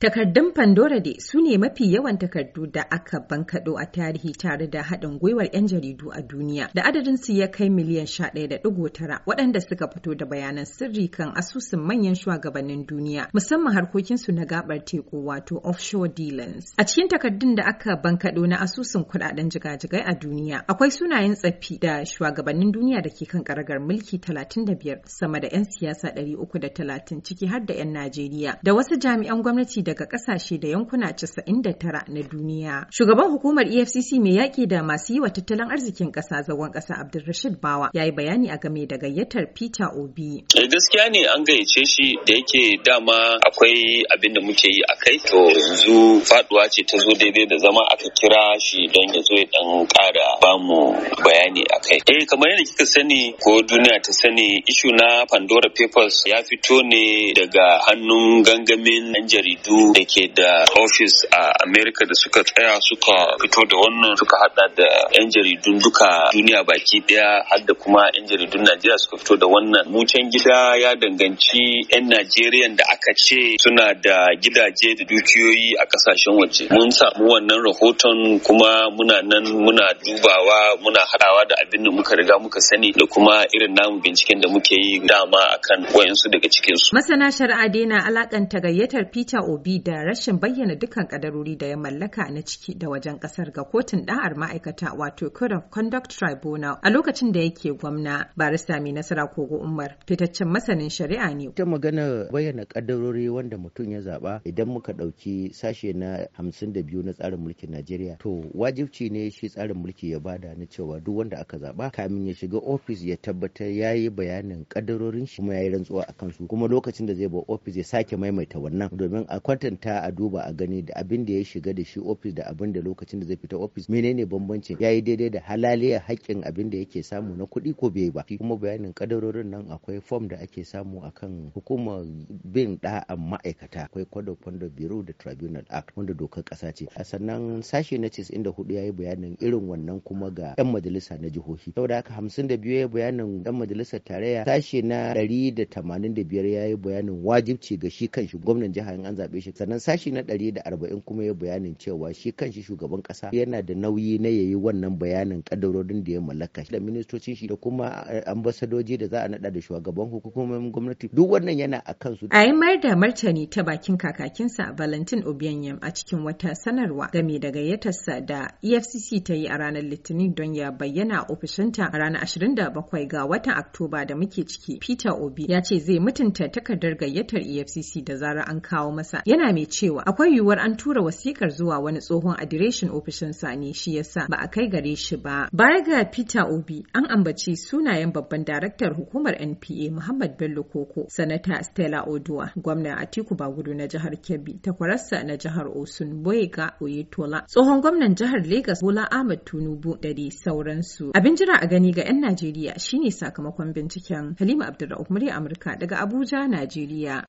Takardun Pandora dai su ne mafi yawan takardu da aka bankaɗo a tarihi tare da haɗin gwiwar 'yan jaridu a duniya da adadin su ya kai miliyan 11.9 waɗanda suka fito da bayanan sirri kan asusun manyan shugabannin duniya musamman harkokinsu na gabar teku wato offshore dealings. A cikin takardun da aka bankaɗo na asusun kuɗaɗen jigajigai a duniya akwai sunayen tsafi da shugabannin duniya da ke kan karagar mulki 35 sama da 'yan siyasa 330 ciki har da 'yan Najeriya da wasu jami'an gwamnati daga kasashe da yankuna 99 na duniya. Shugaban hukumar EFCC mai yaƙi da masu yi wa tattalin arzikin ƙasa zagon ƙasa Abdulrashid Bawa ya yi bayani a game da gayyatar Peter Obi. Eh, gaskiya ne an gayyace shi da yake dama akwai abin da muke yi a kai to yanzu faduwa ce ta zo daidai da zama aka kira shi don ya zo ya dan ƙara bamu bayani a kai. Eh kamar yadda kika sani ko duniya ta sani ishu na Pandora Papers ya fito ne daga hannun gangamin 'yan jaridu da ke da ofis a Amerika da suka tsaya suka fito da wannan suka hada da 'yan jaridun duka duniya baki daya har da kuma 'yan jaridun Najeriya suka fito da wannan. mucan gida ya danganci 'yan Najeriya da aka ce suna da gidaje da dukiyoyi a kasashen waje. Mun samu wannan rahoton kuma muna nan muna dubawa muna hadawa da abin da muka riga muka sani da kuma irin namu binciken da muke yi dama akan wayansu daga cikinsu. Masana shari'a dena na alakanta gayyatar Peter Obi lakabi da rashin bayyana dukkan kadarori da ya mallaka na ciki da wajen kasar ga kotun da'ar ma'aikata wato Code of Conduct Tribunal a lokacin da yake gwamna barista mai nasara kogo Umar fitaccen masanin shari'a ne. ta magana bayyana kadarori wanda mutum ya zaba idan muka dauki sashe na hamsin da biyu na tsarin mulkin Najeriya to wajibci ne shi tsarin mulki ya bada na cewa duk wanda aka zaba kamin ya shiga ofis ya tabbatar ya yi bayanin kadarorin shi kuma ya yi rantsuwa a kansu, kuma lokacin da zai bar ofis ya sake maimaita wannan domin akwai kwatanta a duba a gani da abin da ya shiga da shi ofis da abin da lokacin da zai fita ofis menene bambancin ya yi daidai da halaliya haƙƙin abin da yake samu na kuɗi ko bai ba kuma bayanin kadarorin nan akwai fom da ake samu akan hukumar bin da'an ma'aikata akwai code of conduct bureau da tribunal act wanda dokar ƙasa ce a sannan sashe na cis inda hudu ya yi bayanin irin wannan kuma ga 'yan majalisa na jihohi saboda haka hamsin da biyu ya yi bayanin 'yan majalisar tarayya sashe na ɗari da tamanin da biyar ya yi bayanin wajibci ga shi kan shi gwamnan jihar an zaɓe shi sannan sashi na ɗari da arba'in kuma ya bayanin cewa shi kanshi shugaban ƙasa yana da nauyi na yayi wannan bayanin kadarorin da ya mallaka da ministocin shi da kuma eh, ambasadoji da za a naɗa da shugaban hukumomin gwamnati duk wannan yana a kansu. A yi mayar da martani ta bakin kakakinsa Valentin Obianyam a cikin wata sanarwa game da gayyatarsa da EFCC ta yi a ranar Litinin don ya bayyana a ofishinta a ranar 27 ga watan Oktoba da muke ciki. Peter Obi ya ce zai mutunta takardar gayyatar EFCC da zarar an kawo masa yana mai cewa akwai yiwuwar an tura wasikar zuwa wani tsohon adireshin ofishin sani shi yasa ba a kai gare shi ba baya ga peter obi an ambaci sunayen babban daraktar hukumar npa muhammad bello koko sanata stella oduwa gwamna atiku bagudu na jihar kebbi kwararsa na jihar osun boyega oyetola tsohon gwamnan jihar Legas bola ahmad tunubu da dai sauransu abin jira a gani ga 'yan najeriya shine sakamakon binciken halima abdulrahman murya amurka daga abuja najeriya